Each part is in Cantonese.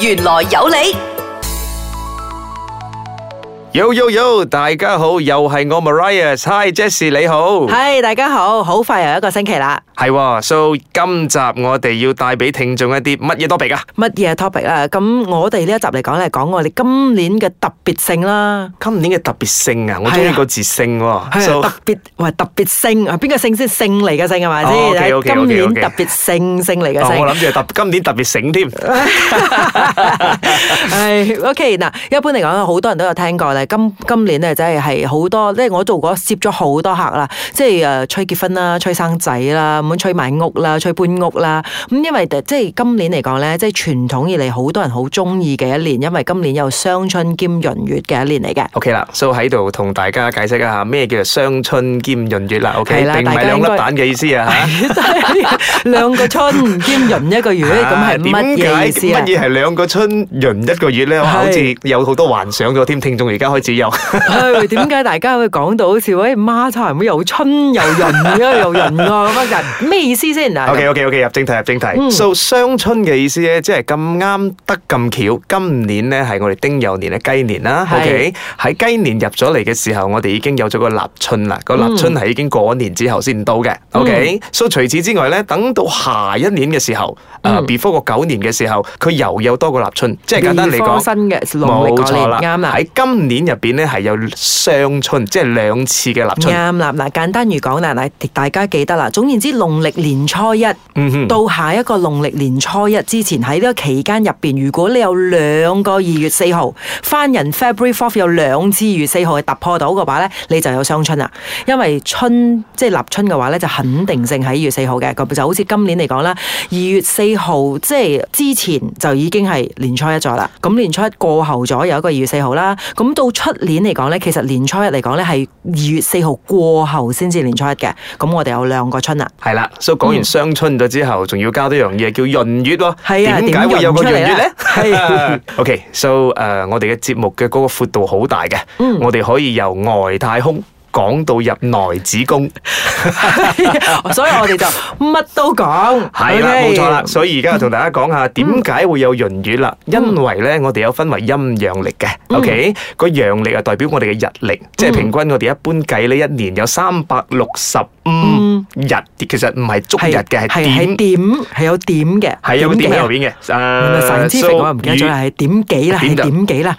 玄來有理。Yo, yo, yo，大家好，又係我 Maria. Hi, Jesse，你好。Hi，大家好，好快又一個星期啦。係，喎，so，今集我哋要帶俾聽眾一啲乜嘢 topic 啊？乜嘢 topic 啊？咁，我哋呢集嚟講呢，講我哋今年嘅特別性啦。今年嘅特別性？我鍾意個字性喎。係，特別，hm，特別性，邊個性，邊個性，今今年咧真係係好多，即係我做過接咗好多客啦，即係誒催結婚啦、催生仔啦、咁樣催買屋啦、催搬屋啦，咁因為即係今年嚟講咧，即係傳統以嚟好多人好中意嘅一年，因為今年又雙春兼閏月嘅一年嚟嘅。OK 啦，所以喺度同大家解釋一下咩叫做雙春兼閏月啦。OK，並唔係兩粒蛋嘅意思啊，兩個春兼閏一個月，咁係乜嘢意思？點解乜嘢係兩個春閏一個月咧？好似有好多幻想咗添，聽眾而家。開始有，點解大家會講到好似喂孖胎咁又春又閏嘅，又閏啊咁啊？閏咩意思先嗱？O K O K O K 入正題入正題，所以雙春嘅意思咧，即係咁啱得咁巧，今年咧係我哋丁酉年嘅雞年啦。O K，喺雞年入咗嚟嘅時候，我哋已經有咗個立春啦。個立春係已經過咗年之後先到嘅。O K，所以除此之外咧，等到下一年嘅時候，啊 before 個狗年嘅時候，佢又有多個立春，即係簡單嚟講新嘅，冇錯啦，啱啦。喺今年。入邊咧係有雙春，即係兩次嘅立春。啱啦，嗱， 簡單如講啦，嗱，大家記得啦。總言之，農曆年初一到下一個農曆年初一之前，喺呢個期間入邊，如果你有兩個二月四號，翻人 February Fourth 有兩次二月四號係突破到嘅話咧，你就有雙春啦。因為春即係立春嘅話咧，就肯定性喺二月四號嘅。咁就好似今年嚟講啦，二月四號即係之前就已經係年初一咗啦。咁年初一過後咗，有一個二月四號啦。咁到到出年嚟講咧，其實年初一嚟講咧，係二月四號過後先至年初一嘅。咁我哋有兩個春啊，係啦。所以講完雙春咗之後，仲、嗯、要加多樣嘢叫閏月咯。係啊，點解會有個閏月咧？係月。 OK，so、okay, 誒、uh，我哋嘅節目嘅嗰個闊度好大嘅。嗯，我哋可以由外太空。講到入內子宮，所以我哋就乜都講。係啦，冇錯啦。所以而家同大家講下點解會有閏月啦？因為咧，我哋有分為陰陽歷嘅。OK，個陽歷啊代表我哋嘅日曆，即係平均我哋一般計咧一年有三百六十五。日其實唔係足日嘅，係點係有點嘅，係有點喺入邊嘅。唔係神之父我唔記得咗，係點幾啦？係點幾啦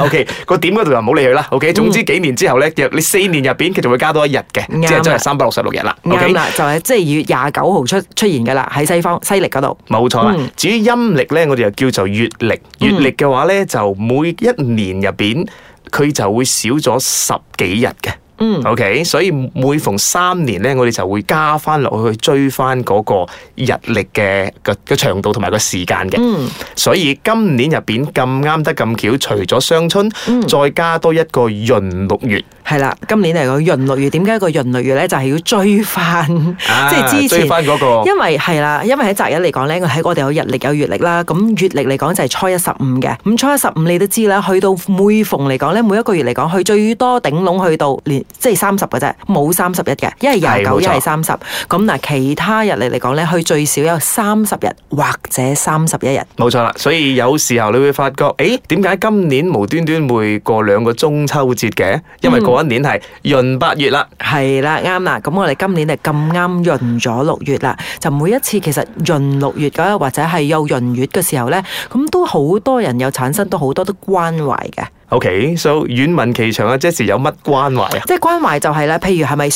？O K，個點嗰度就唔好理佢啦。O K，總之幾年之後咧，你四年入邊佢仲會加多一日嘅，即係總係三百六十六日啦。O K，就係即係二月廿九號出出現噶啦，喺西方西曆嗰度。冇錯啦，至於陰曆咧，我哋又叫做月曆。月曆嘅話咧，就每一年入邊佢就會少咗十幾日嘅。嗯，OK，所以每逢三年咧，我哋就會加翻落去，去追翻嗰個日曆嘅個個長度同埋個時間嘅。嗯，所以今年入邊咁啱得咁巧，除咗雙春，嗯，再加多一個閏六月。係啦，今年嚟講閏六月，點解個閏六月咧就係要追翻，即係之前追翻嗰個。因為係啦，因為喺擇日嚟講咧，喺我哋有日曆有月曆啦。咁月曆嚟講就係初一十五嘅。咁初一十五你都知啦，去到每逢嚟講咧，每一個月嚟講去最多頂籠去到年即係三十嘅啫，冇三十一嘅，一係廿九，一係三十。咁嗱，其他日曆嚟講咧，去最少有三十日或者三十一日。冇錯啦，所以有時候你會發覺，誒、哎，點解今年無端端會過兩個中秋節嘅？因為嗰一年係閏八月啦，係啦、嗯，啱啦。咁我哋今年係咁啱閏咗六月啦，就每一次其實閏六月嗰，或者係又閏月嘅時候咧，咁都好多人又產生到好多都關懷嘅。Ok, so, 願聞其詳即時，有乜關懷？即係關懷就係啦，譬如係咪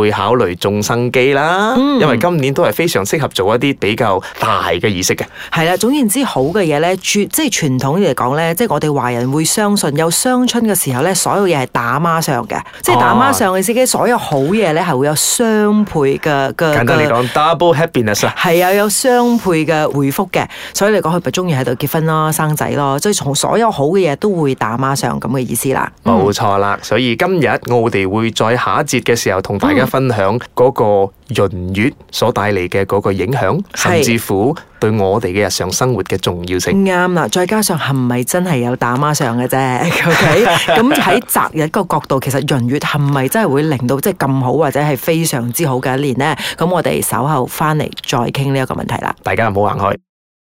會考慮種生機啦，嗯、因為今年都係非常適合做一啲比較大嘅儀式嘅。係啦，總言之好，好嘅嘢咧，傳即係傳統嚟講咧，即係我哋華人會相信有雙春嘅時候咧，所有嘢係打孖上嘅，即係打孖上嘅意思，啊、所有好嘢咧係會有雙倍嘅嘅。簡單嚟講個，double happiness 係又有雙倍嘅回復嘅，所以嚟講佢咪中意喺度結婚咯、生仔咯，即係從所有好嘅嘢都會打孖上咁嘅意思啦。冇錯、嗯、啦，所以今日我哋會在下一節嘅時候同大家、嗯。分享嗰個閏月所帶嚟嘅嗰個影響，甚至乎對我哋嘅日常生活嘅重要性啱啦。再加上係咪真係有打孖上嘅啫？OK，咁喺擇日嗰個角度，其實閏月係咪真係會令到即係咁好或者係非常之好嘅一年呢？咁我哋稍後翻嚟再傾呢一個問題啦。大家唔好行開。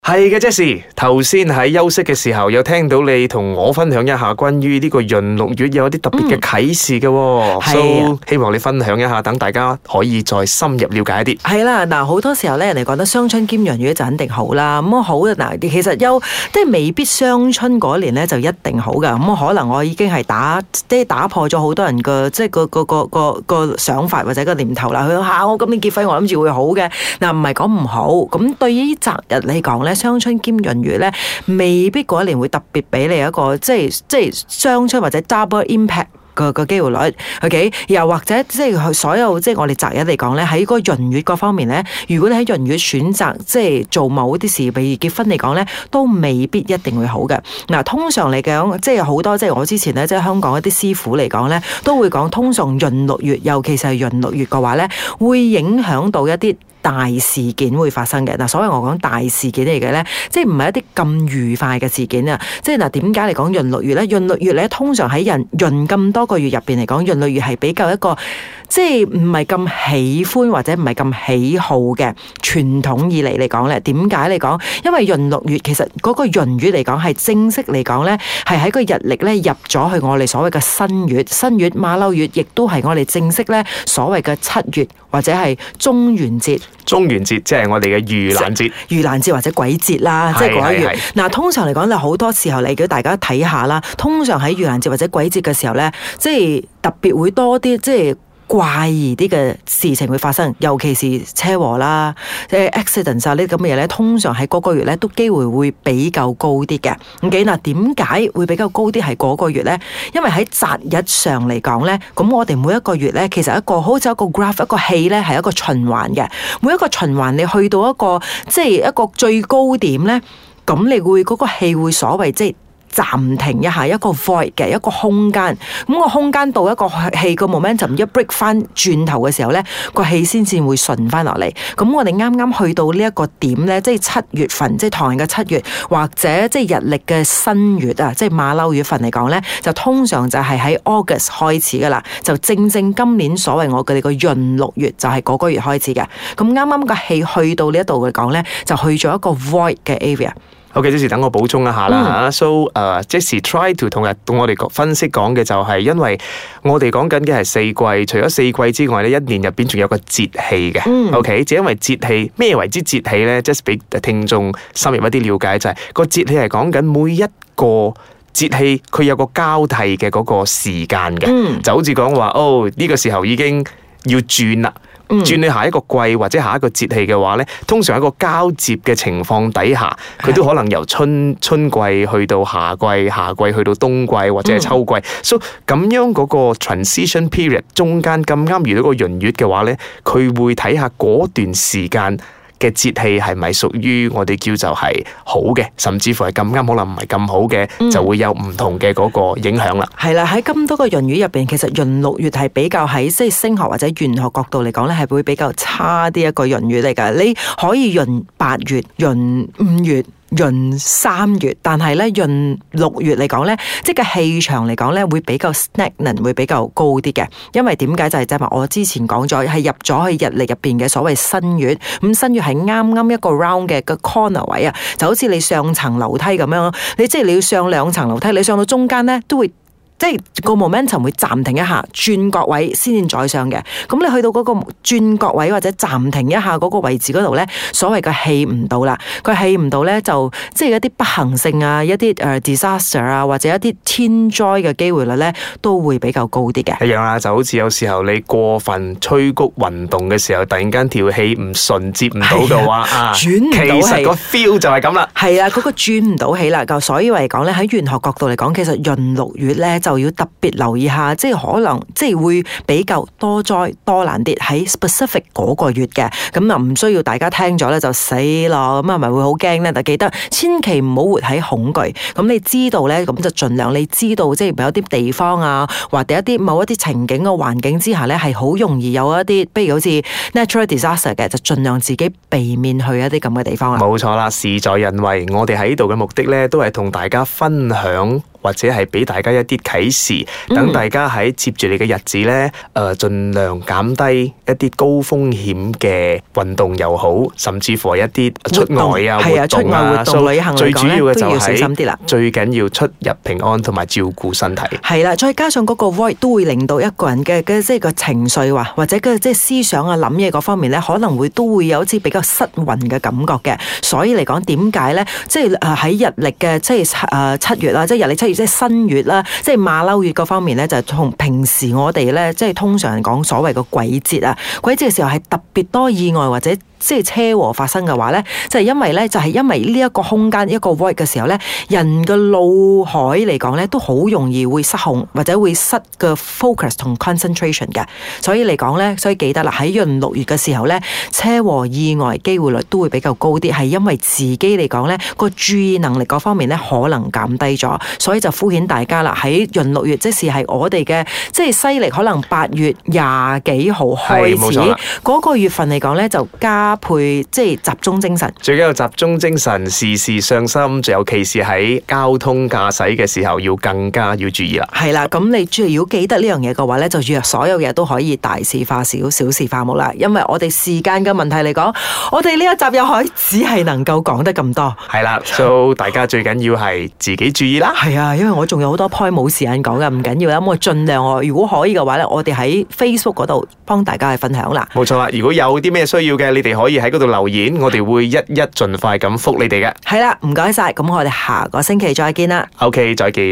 係嘅 Jessie，頭先喺休息嘅時候，有聽到你同我分享一下，關於呢個閏六月有一啲特別嘅啟示嘅，都希望你分享一下，等大家可以再深入了解一啲。係啦，嗱，好多時候咧，人哋講得雙春兼閏月就肯定好啦。咁啊好嗱，其實有即係未必雙春嗰年咧就一定好噶。咁啊可能我已經係打即係打破咗好多人個即係個個個個個想法或者個念頭啦。佢話吓我今年結婚，我諗住會好嘅。嗱唔係講唔好，咁對於擇日嚟講咧，雙春兼閏月咧，未必嗰一年會特別俾你一個即係即係雙春或者 double impact 嘅嘅機會率。OK，又或者即係所有即係我哋擇日嚟講咧，喺嗰個潤月嗰方面咧，如果你喺閏月選擇即係做某啲事，譬如結婚嚟講咧，都未必一定會好嘅。嗱，通常嚟講，即係好多即係我之前咧，即係香港一啲師傅嚟講咧，都會講，通常閏六月，尤其是係閏六月嘅話咧，會影響到一啲。大事件會發生嘅。嗱，所謂我講大事件嚟嘅咧，即係唔係一啲咁愉快嘅事件啊！即係嗱，點解嚟講？閏六月咧，閏六月咧，通常喺人閏咁多個月入邊嚟講，閏六月係比較一個即係唔係咁喜歡或者唔係咁喜好嘅傳統以嚟嚟講咧。點解嚟講？因為閏六月其實嗰個潤月嚟講係正式嚟講咧，係喺個日曆咧入咗去我哋所謂嘅新月、新月馬騮月，亦都係我哋正式咧所謂嘅七月或者係中元節。中元節即係我哋嘅盂蘭節、盂蘭節或者鬼節啦，即係嗰一月。嗱，是通常嚟講，就好多時候，你叫大家睇下啦。通常喺盂蘭節或者鬼節嘅時候咧，即係特別會多啲，即係。怪異啲嘅事情會發生，尤其是車禍啦，即係 accident 呢啲咁嘅嘢咧，通常喺嗰個月咧都機會會比較高啲嘅。唔幾嗱，點解會比較高啲？係嗰個月咧？因為喺擇日上嚟講咧，咁我哋每一個月咧，其實一個好似一個 graph 一個氣咧，係一個循環嘅。每一個循環你去到一個即係一個最高點咧，咁你會嗰個氣會所謂即係。暫停一下，一個 void 嘅一個空間，咁、嗯、個空間到一個氣個 momentum 一 break 翻轉頭嘅時候咧，個氣先至會順翻落嚟。咁、嗯、我哋啱啱去到呢一個點咧，即係七月份，即係唐人嘅七月，或者即係日曆嘅新月啊，即係馬騮月份嚟講咧，就通常就係喺 August 開始噶啦。就正正今年所謂我哋嘅閏六月就係嗰個月開始嘅。咁啱啱個氣去到呢一度嚟講咧，就去咗一個 void 嘅 area。OK，Just 等我補充一下啦。Mm. So，誒，Just try to 同日同我哋分析講嘅就係，因為我哋講緊嘅係四季，除咗四季之外咧，一年入邊仲有個節氣嘅。Mm. OK，就因為節氣咩為之節氣咧？Just 俾聽眾深入一啲了解，就是，就係個節氣係講緊每一個節氣，佢有個交替嘅嗰個時間嘅。Mm. 就好似講話，哦，呢、這個時候已經要轉啦。轉你、嗯、下一個季或者下一個節氣嘅話咧，通常喺個交接嘅情況底下，佢都可能由春春季去到夏季，夏季去到冬季或者係秋季。嗯、so 咁樣嗰個 transition period 中間咁啱遇到個閏月嘅話呢，佢會睇下嗰段時間，嘅節氣係咪屬於我哋叫就係好嘅，甚至乎係咁啱可能唔係咁好嘅，嗯、就會有唔同嘅嗰個影響啦。係啦，喺咁多個閏月入邊，其實閏六月係比較喺即係升學或者玄學角度嚟講咧，係會比較差啲一個閏月嚟㗎。你可以閏八月、閏五月。閏三月，但係咧閏六月嚟講咧，即係個氣場嚟講咧，會比較 stagnant，會比較高啲嘅。因為點解就係即係話我之前講咗，係入咗去日曆入邊嘅所謂新月，咁新月係啱啱一個 round 嘅個 corner 位啊，就好似你上層樓梯咁樣咯，你即係你要上兩層樓梯，你上到中間咧都會。即係、那個 moment、um、會暫停一下，轉角位先至再上嘅。咁你去到嗰個轉角位或者暫停一下嗰個位置嗰度咧，所謂嘅氣唔到啦，佢氣唔到咧就即係一啲不幸性啊，一啲誒、uh, disaster 啊，或者一啲天災嘅機會率咧都會比較高啲嘅。一樣啊，就好似有時候你過分催谷運動嘅時候，突然間條氣唔順，接唔到嘅話啊，轉其實個 feel 就係咁啦。係啊，嗰個轉唔到起啦，就所以嚟講咧，喺玄學角度嚟講，其實閏六、啊那個、月咧。就要特別留意下，即係可能即係會比較多災多難啲喺 specific 嗰個月嘅，咁啊唔需要大家聽咗咧就死咯，咁啊咪會好驚咧？但記得千祈唔好活喺恐懼。咁你知道咧，咁就盡量你知道，即係有啲地方啊，或者一啲某一啲情景嘅環境之下咧，係好容易有一啲，不如好似 natural disaster 嘅，就盡量自己避免去一啲咁嘅地方。冇錯啦，事在人為。我哋喺度嘅目的咧，都係同大家分享。或者係俾大家一啲啟示，等大家喺接住你嘅日子咧，誒，儘量減低一啲高風險嘅運動又好，甚至乎一啲出外啊活動啊，所以最主要嘅就係要小心啲啦，最緊要出入平安同埋照顧身體。係啦，再加上嗰個閏都會令到一個人嘅嘅即係個情緒話，或者嘅即係思想啊、諗嘢嗰方面咧，可能會都會有一啲比較失魂嘅感覺嘅。所以嚟講，點解咧？即係誒喺日曆嘅即係誒七月啊，即係日曆七月。即係新月啦，即係馬騮月嗰方面呢，就同平時我哋呢，即係通常講所謂嘅鬼節啊，鬼節嘅時候係特別多意外或者。即係車禍發生嘅話咧，就係因為咧，就係因為呢一個空間一個 void 嘅時候咧，人嘅腦海嚟講咧，都好容易會失控或者會失個 focus 同 concentration 嘅。所以嚟講咧，所以記得啦，喺閏六月嘅時候咧，車禍意外機會率都會比較高啲，係因為自己嚟講咧，個注意能力各方面咧可能減低咗，所以就敷衍大家啦。喺閏六月，即使係我哋嘅即係西曆，可能八月廿幾號開始個個月份嚟講咧，就加。加配即係集中精神，最緊要集中精神，事事上心，仲有，尤其是喺交通駕駛嘅時候，要更加要注意啦。係啦，咁你只要記得呢樣嘢嘅話咧，就要所有嘢都可以大事化小，小事化無啦。因為我哋時間嘅問題嚟講，我哋呢一集又可只係能夠講得咁多。係啦了， 所以大家最緊要係自己注意啦。係啊，因為我仲有好多 point 冇時間講嘅唔緊要啊，咁我盡量哦。如果可以嘅話咧，我哋喺 Facebook 度幫大家去分享啦。冇錯啦，如果有啲咩需要嘅，你哋。可以喺嗰度留言，我哋會一一盡快咁回覆你哋嘅。係啦，唔該晒，咁我哋下個星期再見啦。OK，再見。